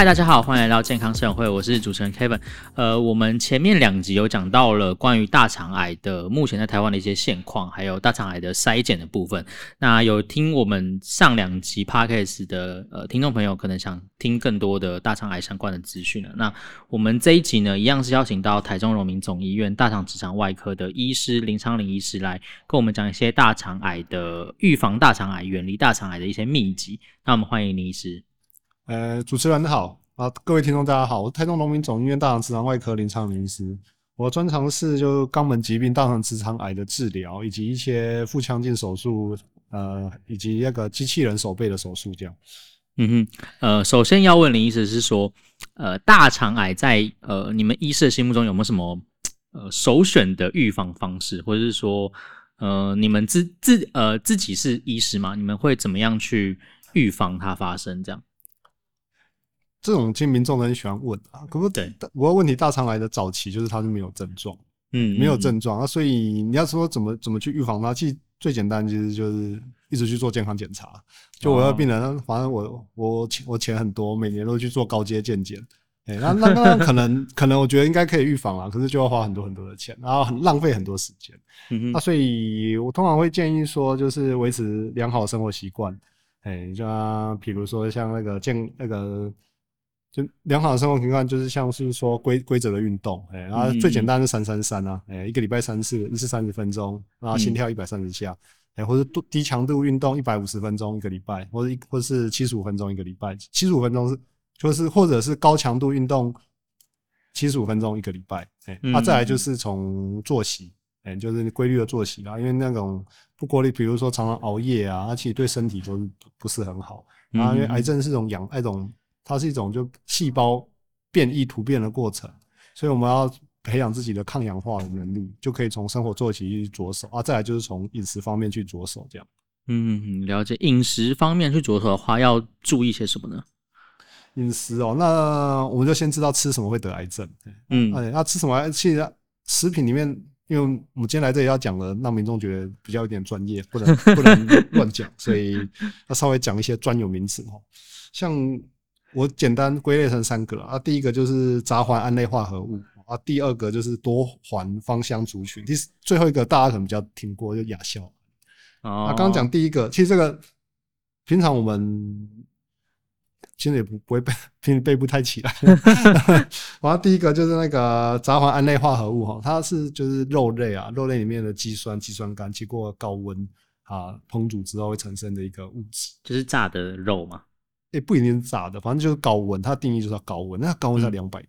嗨，大家好，歡迎來到健康分享會，我是主持人 Kevin。呃，我們前面兩集有講到了關於大腸癌的目前在台灣的一些現況，還有大腸癌的篩檢的部分。那有聽我們上兩集 podcast 的呃聽眾朋友，可能想聽更多的大腸癌相關的資訊了。那我們這一集呢，一樣是邀請到台中榮民總醫院大腸直腸外科的醫師林昌霖醫師來跟我們講一些大腸癌的預防大腸癌、遠離大腸癌遠離大腸癌的一些秘籍。那我們歡迎林醫師。呃，主持人好啊，各位聽眾大家好，我是台中榮民總醫院大腸直腸外科林昌霖醫師，我專長是就是肛門疾病、大腸直腸癌的治療，以及一些腹腔鏡手術，呃，以及那個機器人手背的手術這樣。嗯哼，呃，首先要問林醫師是說，呃，大腸癌在呃你們醫師心目中有沒有什麼呃首選的預防方式，或者是說，呃，你們自自呃自己是醫師嗎？你們會怎麼樣去預防它發生這樣？這種其實民眾很喜歡問啊，可不對？主要問題大腸癌的早期，就是它是沒有症狀，嗯，沒有症狀啊，所以你要說怎麼怎麼去預防呢？其實最簡單其實就是一直去做健康檢查。就我的病人，反正我我錢我錢很多，每年都去做高階健檢，哎，那那那可能可能我覺得應該可以預防啊，可是就要花很多很多的錢，然後很浪費很多時間。那所以我通常會建議說，就是維持良好的生活習慣，哎，就比、啊、如說像那個健那個。就良好的生活習慣就是像是說規規則的運動，誒、欸、然後最簡單是三三三啊，誒一個禮拜三次，一次三十分鐘，然後心跳一百三十下，誒、欸、或者度低強度運動一百五十分鐘一個禮拜，或者或者是七十五分鐘一個禮拜，七十五分鐘是就是或者是高強度運動七十五分鐘一個禮拜，誒、欸、那、啊、再來就是從作息，誒、欸、就是規律的作息啊，因為那種不規律，比如說常常熬夜啊，其實對身體都不是很好，然後、嗯哼啊、因為癌症是一種養那種。它是一種就細胞變異突變的過程，所以我們要培養自己的抗氧化能力，就可以從生活做起去着手啊。再來就是從飲食方面去着手，這樣嗯。嗯，了解。飲食方面去着手的話，要注意些什麼呢？飲食哦、喔，那我們就先知道吃什麼會得癌症。嗯、欸，那吃什麼？其實食品裡面，因為我們今天來這裡要講的，讓民眾覺得比較有點專業，不能不能亂講， 所以要稍微講一些專有名詞哈、喔，像。我簡單歸類成三個了啊，第一個就是雜環胺類化合物啊，第二個就是多環芳香族群，第最後一個大家可能比較聽過，就亞硝。啊，剛剛講第一個，其實這個平常我們其實也不不會背，平時背不太起來。然後第一個就是那個雜環胺類化合物哈、哦，它是就是肉類啊，肉類裡面的肌酸、肌酸酐經過高溫啊烹煮之後會產生的一個物質，就是炸的肉嘛。也、欸、不一定是炸的，反正就是高溫。它的定義就是高溫，那高溫在兩百、嗯、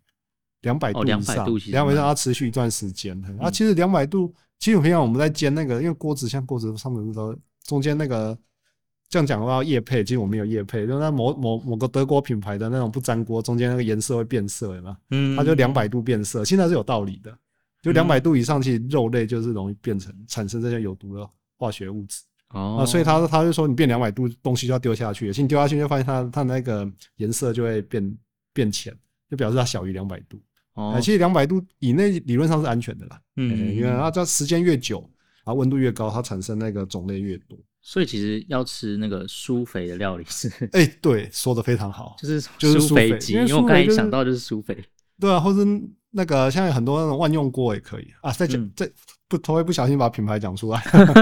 兩百度以上，兩百、哦、度以上它持續一段時間。嗯、啊，其實兩百度，其實平常我們在煎那個，因為鍋子像鍋子上面都中間那個，這樣講的話，業配其實我沒有業配，嗯、就是那某某某個德國品牌的那種不粘鍋，中間那個顏色會變色，的嘛，它就兩百度變色，現在是有道理的，就兩百度以上去肉類就是容易變成、嗯、產生這些有毒的化學物質。哦、呃，所以他他就說你變兩百度東西就要丟下去，其實你丟下去就發現它它那個顏色就會變變淺，就表示它小於兩百度。哦、呃，其實兩百度以內理論上是安全的啦。嗯哼哼、欸，因為它這時間越久它溫度越高，它產生那個種類越多。所以其實要吃那個舒肥的料理是，哎、欸，對，說的非常好，就是就是舒肥，因為舒肥就是、因為我剛才想到就是舒肥。對啊，或是那個像有很多那種萬用鍋也可以啊，再講再。嗯不，稍不小心把品牌講出來，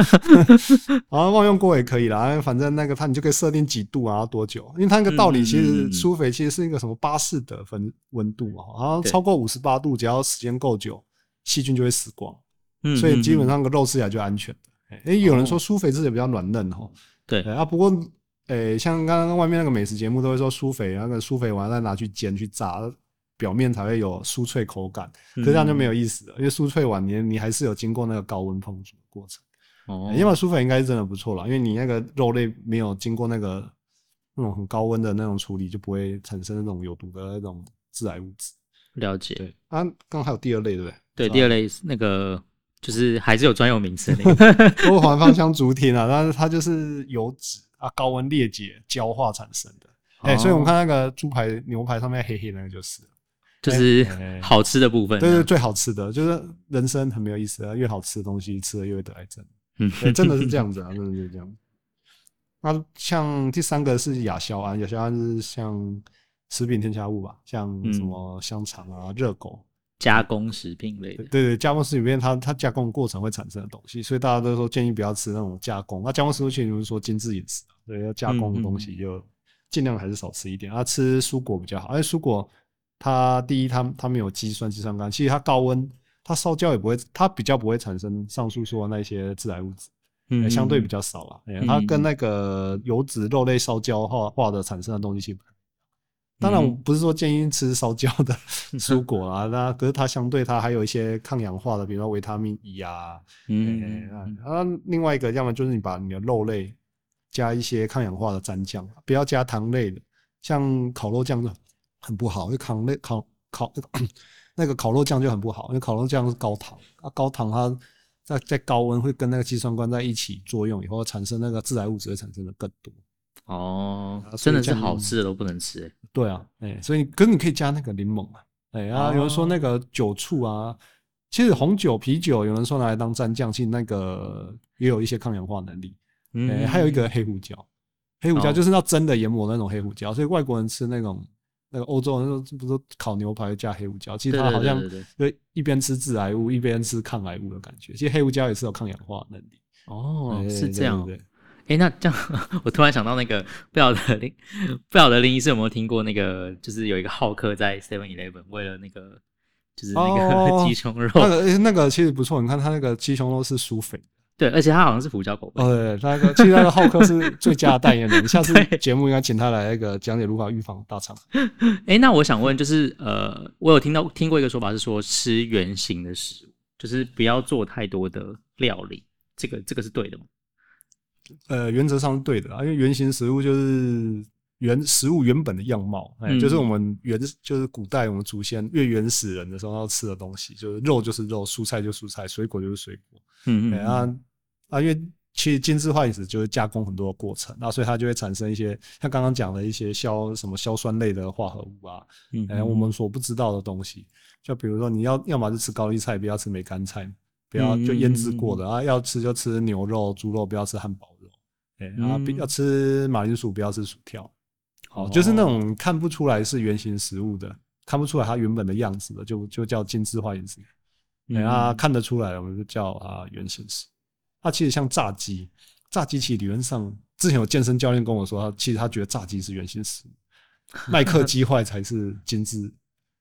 然後萬用鍋也可以啦。反正那個它，你就可以設定幾度啊，多久？因為它那個道理其實舒肥、嗯嗯、其實是一個什麼巴氏的分溫度啊，然後超過五十八度，對只要時間夠久，細菌就會死光。嗯、所以基本上個肉質也就安全。誒、嗯欸、有人說舒肥質也比較軟嫩哈。對，對啊，不過誒、欸，像剛剛外面那個美食節目都會說舒肥，那個舒肥完了拿去煎去炸。表面才會有酥脆口感，可是這樣就沒有意思了，嗯、哼因為酥脆碗，你你還是有經過那個高溫烹煮的過程哦。因為酥粉應該是真的不錯啦，因為你那個肉類沒有經過那個那種很高溫的那種處理，就不會產生那種有毒的那種致癌物質。了解。對啊，剛還有第二類對不對？對，第二類那個就是還是有專有名詞的， 多環芳香族烴啊，但是它就是油脂啊高溫裂解焦化產生的、哦欸。所以我們看那個豬排、牛排上面黑黑那個就是。就是好吃的部分。欸，對對，對，最好吃的，就是人生很沒有意思啊！越好吃的東西，吃了越會得癌症，嗯，真的是這樣子啊， 真的是這樣。那、啊、像第三個是亞硝胺，亞硝胺是像食品添加物吧，像什麼香腸啊、熱、嗯、狗，加工食品類的。對，對對，加工食品裡面它它，它加工過程會產生的東西，所以大家都說建議不要吃那種加工。那加工食物其實就是說精緻飲食，對，要加工的東西就盡量還是少吃一點，嗯嗯啊，吃蔬果比較好。哎，蔬果。它第一，它它沒有肌酸、肌酸，酐，其實它高溫它燒焦也不會，它比較不會產生上述說那些致癌物質，嗯、相對比較少了。嗯、它跟那個油脂肉類燒焦化化的產生的東西是，嗯、當然我不是說建議吃燒焦的蔬果啊，那、嗯、可是它相對它還有一些抗氧化的，比如說維他命 E 啊，嗯，對嗯啊，另外一個要麼就是你把你的肉類加一些抗氧化的蘸醬，不要加糖類的，像烤肉醬的。很不好，因為烤那烤烤咳咳那個烤肉醬就很不好，因為烤肉醬是高糖啊，高糖它在在高溫會跟那個肌酸酐在一起作用以後，產生那個致癌物質，會產生的更多哦。真的是好吃的都不能吃，對啊，欸、所以可你可以加那個檸檬啊，哎，然後有人說那個酒醋啊，其實紅酒、啤酒，有人說拿來當蘸醬，其實那個也有一些抗氧化能力，哎、嗯欸，還有一個黑胡椒，黑胡椒就是那真的研磨的那種黑胡椒，哦、所以外國人吃那種。那個歐洲人說，不是烤牛排加黑胡椒，其實它好像就一邊吃致癌物，一邊吃抗癌物的感覺。其實黑胡椒也是有抗氧化能力。哦，嗯欸、是這樣的。哎、欸，那這樣我突然想到那個，不曉得林，不曉得林醫師有沒有聽過那個，就是有一個浩克在 Seven Eleven 為了那個，就是那個雞胸肉、哦。那個那個其實不錯，你看它那個雞胸肉是舒肥。對，而且他好像是胡椒狗。哦、對，對，他、那個、其實他的浩克是最佳的代言人。 下次節目應該請他來一個講解如何預防大腸。哎、欸，那我想問，就是呃，我有聽到聽過一個說法是說吃原型的食物，就是不要做太多的料理，這個這個是對的嗎？呃，原則上是對的，因為原型食物就是原食物原本的樣貌，哎、欸，嗯、就是我們原就是古代我們祖先越原始人的時候要吃的東西，就是肉就是肉，蔬菜就蔬菜，水果就是水果。欸、嗯、嗯嗯。啊。啊，因為其實精緻化飲食就是加工很多的過程，那、啊、所以它就會產生一些像剛剛講的一些硝什麼硝酸類的化合物啊，嗯,嗯、欸，我們所不知道的東西。就比如說，你要要麼就吃高麗菜，不要吃梅乾菜，不要就醃制過的嗯嗯啊，要吃就吃牛肉、豬肉，不要吃漢堡肉，然、嗯、啊，要吃馬鈴薯，不要吃薯條。好、哦，哦、就是那種看不出來是原型食物的，看不出來它原本的樣子的，就就叫精緻化飲食嗯嗯、欸。啊，看得出來，我們就叫啊原型食物。它其實像炸雞，炸雞其實理論上，之前有健身教練跟我說，他其實他覺得炸雞是原型食物，麥 克雞塊才是精致，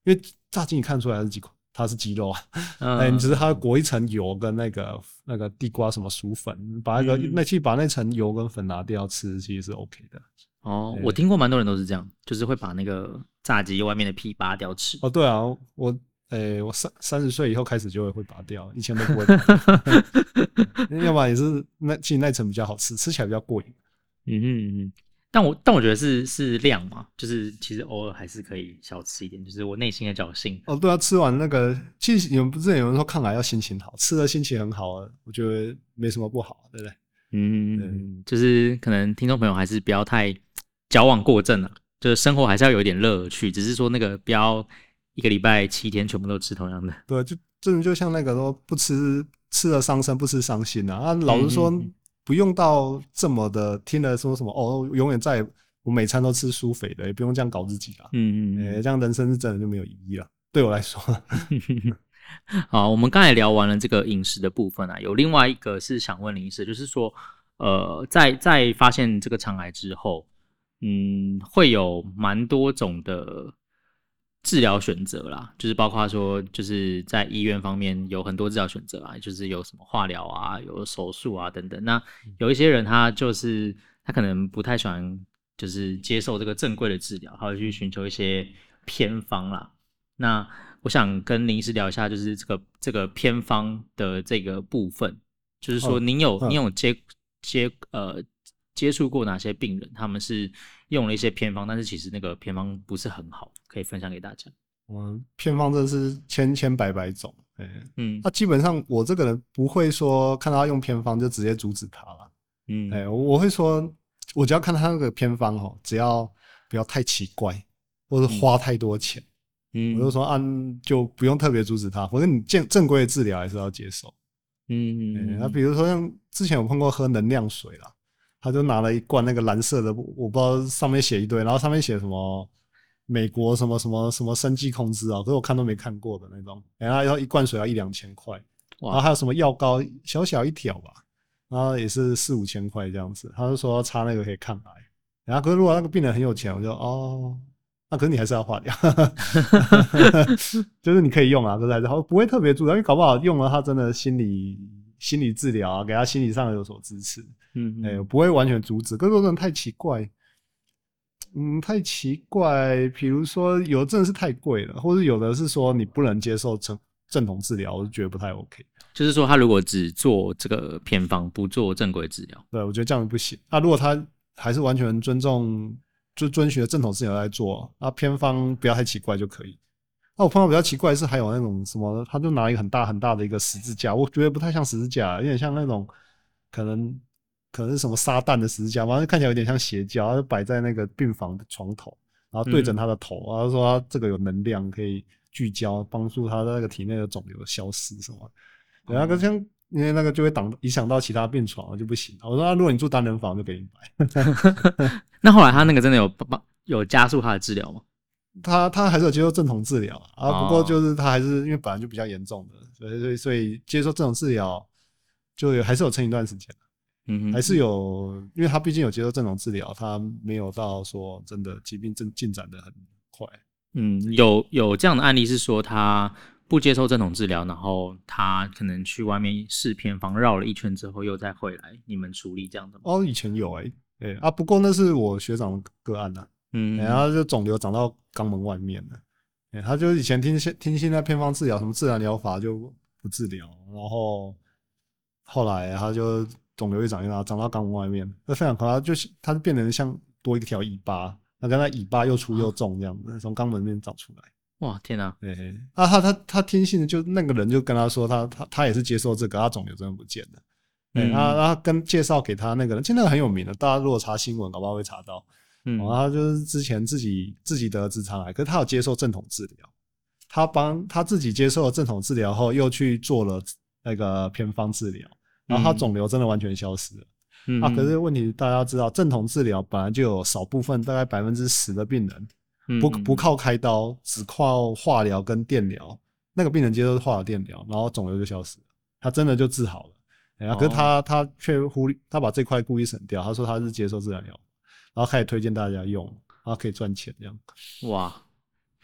因為炸雞你看出來是幾塊，它是雞肉啊，哎、uh，huh. 欸、你只是它裹一層油跟那個那個地瓜什麼薯粉，把那個那去、uh huh. 把那層油跟粉拿掉吃，其實是 OK 的。哦，oh, 我聽過蠻多人都是這樣，就是會把那個炸雞外面的皮扒掉吃。哦，oh, 對啊，我。誒、欸，我三三十歲以後開始就會會拔掉，以前都不會拔掉。 要不然也是那其實那層比較好吃，吃起來比較過癮。嗯哼嗯嗯。但我但我覺得是是量嘛，就是其實偶爾還是可以小吃一點，就是我內心的僥倖。哦，對啊，吃完那個，其實你們不是有人說看來要心情好，吃了心情很好，我覺得沒什麼不好，對不對？嗯哼嗯哼嗯，對就是可能聽眾朋友還是不要太矯枉過正了、啊，就是生活還是要有一點樂趣，只是說那個不要一個禮拜七天全部都吃同樣的，對，就真就像那個說不吃，吃了傷身，不吃傷心啊。啊老實說不用到這麼的，聽了說什麼嗯嗯嗯哦，永遠在我每餐都吃舒肥的，也不用這樣搞自己了、啊。嗯嗯，哎、欸，這樣人生是真的就沒有意義了。對我來說。 好，我們剛才聊完了這個飲食的部分啊，有另外一個是想問林醫師，就是說，呃，在在發現這個腸癌之後，嗯，會有蠻多種的。治療選擇啦，就是包括說，就是在醫院方面有很多治療選擇啊，就是有什麼化療啊，有手術啊等等。那有一些人他就是他可能不太喜歡，就是接受這個正規的治療，他會去尋求一些偏方啦。那我想跟林醫師聊一下，就是這個這個偏方的這個部分，就是說您有您、哦哦、有接接呃。接觸過哪些病人？他們是用了一些偏方，但是其實那個偏方不是很好，可以分享給大家？我偏方真的是千千百百種，欸、嗯、那、啊、基本上我這個人不會說看到他用偏方就直接阻止他了。嗯、欸，我會說，我只要看他那個偏方哈、喔，只要不要太奇怪，或是花太多錢，嗯，嗯我就說按、啊、就不用特別阻止他，或者你正正規的治療還是要接受，嗯嗯，嗯、欸。那比如說像之前我碰過喝能量水啦。他就拿了一罐那個藍色的，我不知道上面寫一堆，然後上面寫什麼美國什麼什麼什麼生技控制啊，可是我看都沒看過的那種、欸。然後要一罐水要一兩千塊，然後還有什麼藥膏，小小一條吧，然後也是四五千塊這樣子。他就說擦那個可以抗癌。然後可是如果那個病人很有錢，我就哦、啊，那可是你還是要化療，哈哈 就是你可以用啊，可是然後不會特別注意、啊，因為搞不好用了他真的心裡，心理治療啊，給他心理上有所支持，嗯，嗯，哎、欸，不會完全阻止。可是如果真的太奇怪，嗯，太奇怪。比如說，有的真的是太貴了，或者有的是說你不能接受正正統治療，我就覺得不太 OK。就是說，他如果只做這個偏方，不做正規治療，對我覺得這樣不行。那、啊、如果他還是完全尊重，就遵循正統治療來做，啊，偏方不要太奇怪就可以。那、啊、我碰到比較奇怪的是還有那種什麼，他就拿一個很大很大的一個十字架，我覺得不太像十字架，有點像那種可能可能是什麼撒旦的十字架，反正看起來有點像邪教，他就擺在那個病房的床頭，然後對準他的頭，嗯、然後說他這個有能量可以聚焦，幫助他的那個體內的腫瘤消失什麼。對啊，可是像因為那個就會擋影響到其他病床就不行。我說啊，如果你住單人房就給你擺。 那後來他那個真的有幫有加速他的治療嗎？他他還是有接受正統治療啊，哦、不過就是他還是因為本來就比較嚴重的，所以所以所以接受正統治療就有還是有撐一段時間嗯哼，還是有，因為他畢竟有接受正統治療，他沒有到說真的疾病進進展的很快。嗯，有有這樣的案例是說他不接受正統治療，然後他可能去外面試偏方，繞了一圈之後又再回來你們處理這樣的嗎？哦，以前有哎、欸、哎啊，不過那是我學長的個案吶、啊。嗯，然後、欸、就腫瘤長到肛門外面了。欸、他就以前聽聽信那偏方治療，什麼自然療法就不治療，然後後來他就腫瘤越長越大，長到肛門外面，那非常可怕，他就是就變成像多一條尾巴，那跟那尾巴又粗又重這樣子，從、啊、肛門裡面長出來。哇，天啊！哎，那他他他聽信就那個人就跟他說他，他他他也是接受這個，他腫瘤真的不見了。嗯，那然、欸、跟介紹給他那個人，其實那個很有名的，大家如果查新聞，搞不好會查到。然後、嗯哦、他就是之前自己自己得了直腸癌，可是他有接受正統治療，他幫他自己接受了正統治療後，又去做了那個偏方治療，然後他腫瘤真的完全消失了。嗯、啊，可是問題大家知道，正統治療本來就有少部分，大概百分之十的病人不不靠開刀，只靠化療跟電療，那個病人接受化療電療，然後腫瘤就消失了，他真的就治好了。哎、呀，可是他、哦、他卻忽略，他把這塊故意省掉，他說他是接受自然療法。然後開始推薦大家用，然後可以賺錢這樣。哇，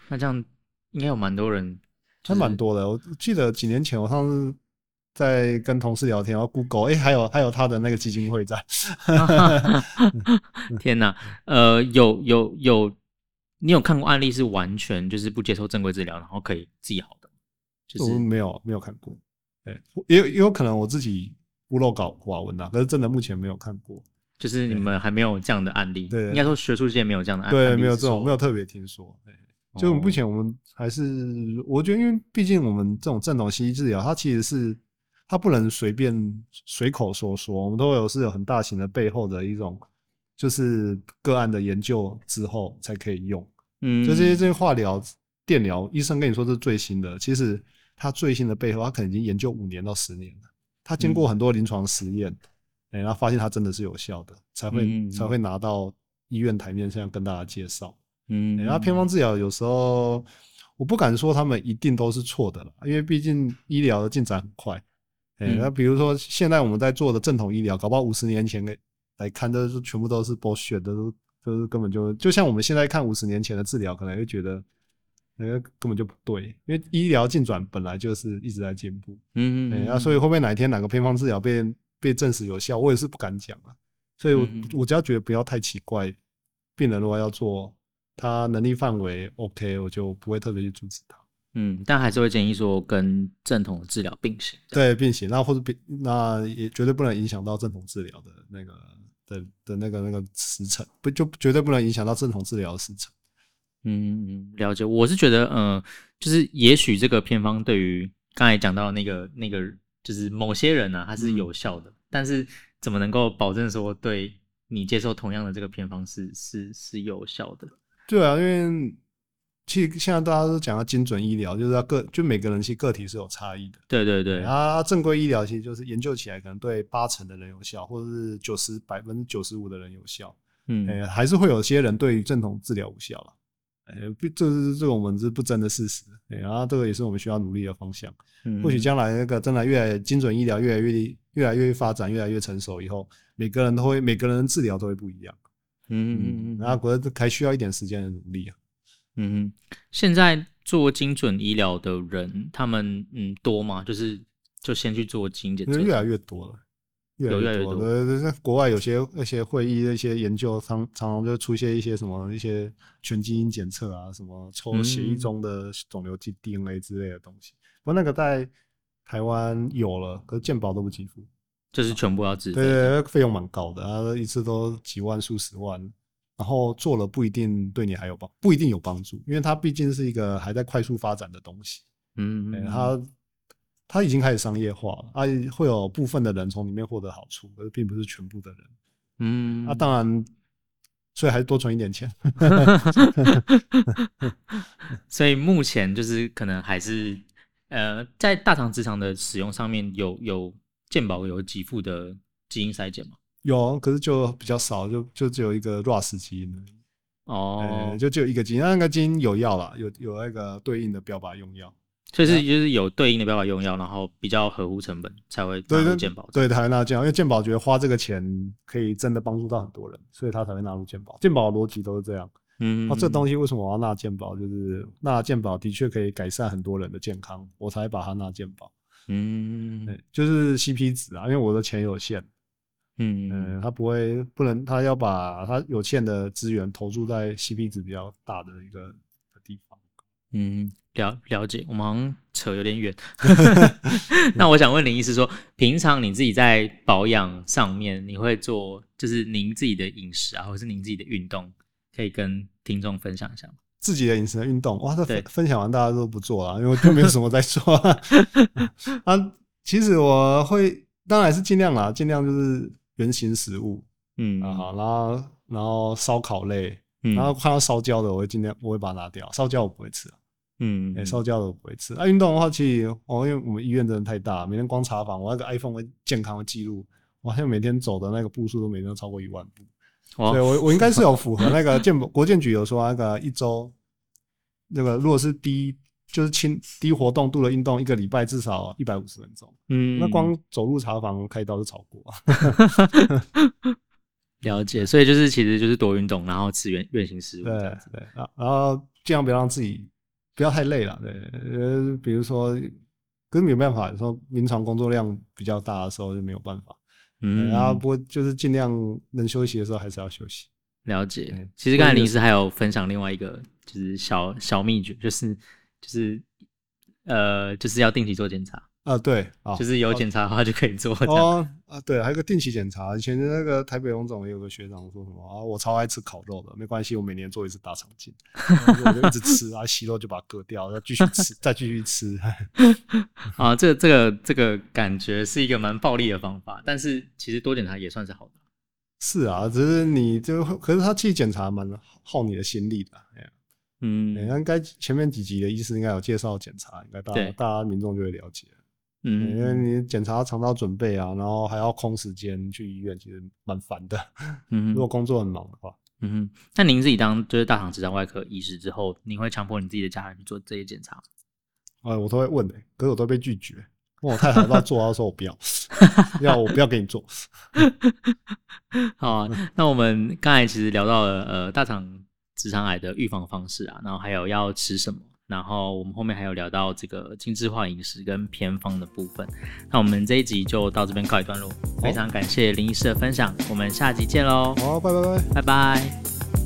那這樣應該有蠻多人，就是、還蠻多的。我記得幾年前我上次在跟同事聊天，然後 Google，哎、欸，還有還有他的那個基金會在。 啊、哈哈天哪，呃，有有有，你有看過案例是完全就是不接受正規治療，然後可以治療好的？就是、嗯、沒有沒有看過。也、欸、有有有可能我自己孤陋寡聞吶，可是真的目前沒有看過。就是你們還沒有這樣的案例，對，應該說學術界沒有這樣的案，對案例，對，沒有這種，沒有特別聽說。對，就目前我們還是，哦、我覺得因為畢竟我們這種正統西醫治療，它其實是它不能隨便隨口說說，我們都有是有很大型的背後的一種，就是個案的研究之後才可以用。嗯，所以這些這些化療、電療，醫生跟你說是最新的，其實它最新的背後，它可能已經研究五年到十年了，它經過很多臨床實驗。嗯欸、然後發現它真的是有效的，才會嗯嗯才會拿到醫院台面上跟大家介紹。嗯，嗯，哎、欸，那偏方治療有時候我不敢說他們一定都是錯的了，因為畢竟醫療的進展很快。哎、欸，那、嗯啊、比如說現在我們在做的正統醫療，搞不好五十年前來看都、就是全部都是博學的，都就是根本就就像我們現在看五十年前的治療，可能就覺得那個、欸、根本就不對，因為醫療進展本來就是一直在進步。嗯，嗯嗯，那、欸啊、所以會不會哪一天哪個偏方治療被被證實有效，我也是不敢講啊，所以我，嗯、我我只要覺得不要太奇怪。病人如果要做，他能力範圍 OK，我就不會特別去阻止他。嗯，但還是會建議說跟正統的治療並行。對，對，並行。那或者並，那也絕對不能影響到正統治療的那個的的那個那個時程，不就絕對不能影響到正統治療的時程。嗯，了解。我是覺得，嗯、呃，就是也許這個偏方對於剛才講到那個那個。那個就是某些人呢、啊，他是有效的，嗯、但是怎麼能夠保證說對你接受同樣的這個偏方是是是有效的？對啊，因為其實現在大家都講到精準醫療，就是要個就每個人其實個體是有差異的。對對對，他正規醫療其實就是研究起來可能對八成的人有效，或者是九十百分之九十五的人有效。嗯、欸，還是會有些人對於正統治療無效了。呃、欸，這是這種我們不爭的事實，對，然後這個也是我們需要努力的方向。嗯，或許將來那個真的越來精準醫療越來越越來越發展越來越成熟以後，每個人都會每個人治療都會不一樣。嗯嗯嗯，嗯然後可能還需要一點時間的努力啊。嗯嗯，現在做精準醫療的人，他們嗯多嗎？就是就先去做精，因為越來越多了。越來越多，國外有些那些會議、那些研究常常常就出現一些什麼一些全基因檢測啊，什麼抽血液中的腫瘤基、嗯、DNA 之類的東西。不過那個在台灣有了，可是健保都不給付，就是全部要自費。對，對對，費用蠻高的，啊，一次都幾萬、數十萬。然後做了不一定對你還有幫，不一定有幫助，因為它畢竟是一個還在快速發展的東西。嗯，嗯嗯。對，它。它已經開始商業化了，啊，會有部分的人從裡面獲得好處，而並不是全部的人。嗯，啊，當然，所以還是多存一點錢。 所以目前就是可能還是呃，在大腸直腸的使用上面有有健保有給付的基因篩檢嗎？有，可是就比較少，就就只有一個 RAS 基因哦，欸、就只有一個基因，那個基因有藥了，有有那個對應的標靶用藥。所以是就是有對應的方法用藥，然後比較合乎成本，才會納入健保對。對，才納入健保，因為健保覺得花這個錢可以真的幫助到很多人，所以他才會納入健保。健保的邏輯都是這樣。嗯、啊，那這個、東西為什麼我要納入健保？就是納入健保的確可以改善很多人的健康，我才把它納入健保。嗯嗯嗯，對，就是 CP 值啊，因為我的錢有限。嗯嗯，他不會不能，他要把他有限的資源投注在 CP 值比較大的一個。嗯，了了解，我們好像扯有點遠。 那我想問林醫師說，平常你自己在保養上面，你會做就是您自己的飲食啊，或者是您自己的運動，可以跟聽眾分享一下嗎？自己的飲食、運動，哇，這分，對分享完大家都不做了，啊，因為都沒有什麼在做啊。 啊其實我會，當然是儘量啦，儘量就是原型食物，嗯啊，好，然後然後燒烤類，然後看到燒焦的，我會儘量我會把它拿掉，嗯、燒焦我不會吃，啊。嗯，燒焦、欸、了，會吃啊。運動的話，其實我、哦、因為我們醫院真的太大，每天光查房，我那個 iPhone 的健康記錄，我還有每天走的那個步數，都每天都超過一萬步。對、哦，我我應該是有符合那個建 國健國健局有說那個一周，那個如果是低就是輕低活動度的運動，一個禮拜至少一百五十分鐘。嗯，那光走路查房開刀就超過、嗯、 了解，所以就是其實就是多運動，然後吃原原型食物，這樣子對對，然後儘量別讓自己。不要太累了，對，呃，比如說，可是沒有辦法，說臨床工作量比較大的時候就沒有辦法，嗯，嗯，然後不過就是儘量能休息的時候還是要休息。了解，就是、其實剛才林醫師還有分享另外一個就是小小祕訣，就是就是呃，就是要定期做檢查。啊，對，啊、哦，就是有檢查的話就可以做、啊、哦。啊，對，還有一個定期檢查。以前那個台北榮總也有個學長說什麼啊，我超愛吃烤肉的，沒關係，我每年做一次大腸鏡，啊、我就一直吃 啊，息肉就把它割掉，再繼續吃，再繼續吃。 啊，這個、這個這個感覺是一個蠻暴力的方法，嗯、但是其實多檢查也算是好的。是啊，只是你就可是他去檢查蠻耗你的心力的。欸、嗯，欸、應該前面幾集的醫生應該有介紹檢查，應該大家對大家民眾就會了解。嗯，因為你檢查要腸道準備啊，然後還要空時間去醫院，其實蠻煩的。嗯哼，如果工作很忙的話，嗯哼，那您自己當就是大腸直腸外科醫師之後，您會強迫你自己的家人去做這些檢查？哎，我都會問的、欸，可是我都被拒絕，我太難做啊！說我不要， 要我不要給你做。 好、啊、那我們剛才其實聊到了呃，大腸直腸癌的預防方式啊，然後還有要吃什麼。然後我們後面還有聊到這個精致化飲食跟偏方的部分，那我們這一集就到這邊告一段落。非常感謝林醫師的分享，我們下集見嘍！好，拜拜拜拜。拜拜。